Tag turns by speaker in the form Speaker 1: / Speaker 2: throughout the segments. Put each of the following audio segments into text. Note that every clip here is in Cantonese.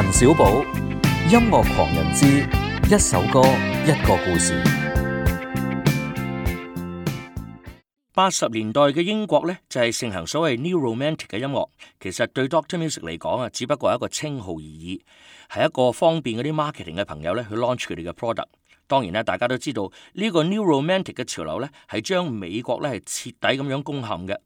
Speaker 1: 陳少寶，音樂狂人之一首歌一個故事。八十年代嘅英國咧，就係、是、盛行所謂 New Romantic 嘅音樂。其實對 Doctor Music 嚟講啊，只不過係一個稱號而已，係一個方便嗰啲 marketing 嘅朋友咧去 launch 佢哋嘅 product。當然咧，大家都知道呢、這個 New Romantic 嘅潮流咧，係將美國咧係徹底咁樣攻陷嘅。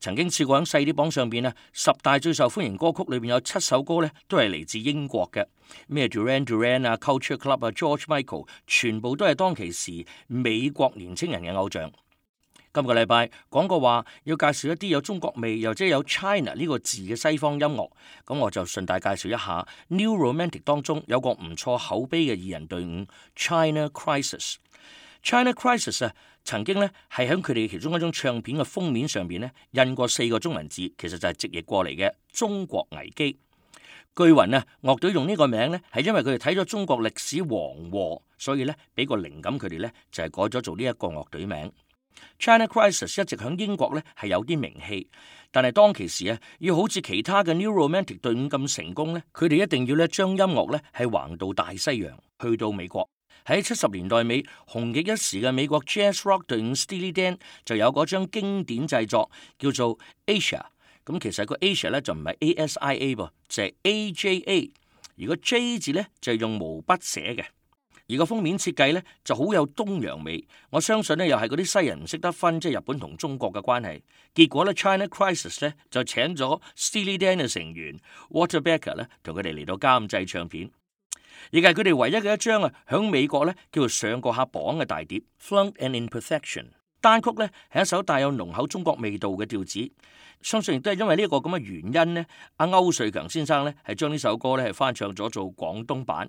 Speaker 1: 曾經試過喺細啲榜上邊咧，十大最受歡迎歌曲裏面有七首歌咧，都係嚟自英國嘅，咩 Duran Duran 啊、Culture Club 啊、George Michael，全部都係當其時美國年青人嘅偶像。今個禮拜講過話要介紹一啲有中國味，又即係有 China 呢個字嘅西方音樂，咁我就順帶介紹一下 New Romantic 當中有個唔錯口碑嘅二人隊伍 China Crisis。China Crisis 啊，曾經咧係喺佢哋其中一張唱片嘅封面上邊咧印過四個中文字，其實就係直譯過嚟嘅中國危機。據云啊，樂隊用呢個名咧係因為佢哋睇咗中國歷史黃禍，所以咧俾個靈感佢哋呢就係、是、改咗做呢一個樂隊名。China Crisis 一直響英國咧係有啲名氣，但係當其時啊，要好似其他嘅 New Romantic 隊伍咁成功咧，佢哋一定要咧將音樂咧係橫渡大西洋，去到美國。喺七十年代尾紅極一時嘅美國 Jazz Rock 隊伍 Steely Dan 就有嗰張經典製作叫做 Asia。咁、嗯、其實個 Asia 咧就唔係 A S I A，噃，就係 A J A。如果 J 字咧就係、用毛筆寫嘅。而個封面設計咧就好有東洋味。我相信咧又係嗰啲西人唔識得分，即係日本同中國嘅關係。結果咧，China Crisis 咧就請咗 Steely Dan 嘅成員 Walter Becker 咧，同佢哋嚟到監製唱片，亦係佢哋唯一嘅一張啊，響美國咧叫做上過下榜嘅大碟《Flaunt and Imperfection》，單曲咧係一首帶有濃厚中國味道嘅調子，相信亦都係因為呢一個咁嘅原因呢，阿歐瑞強先生咧係將呢首歌咧係翻唱咗做廣東版。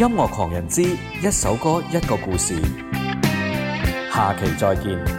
Speaker 1: 音樂狂人之，一首歌，一個故事，下期再見。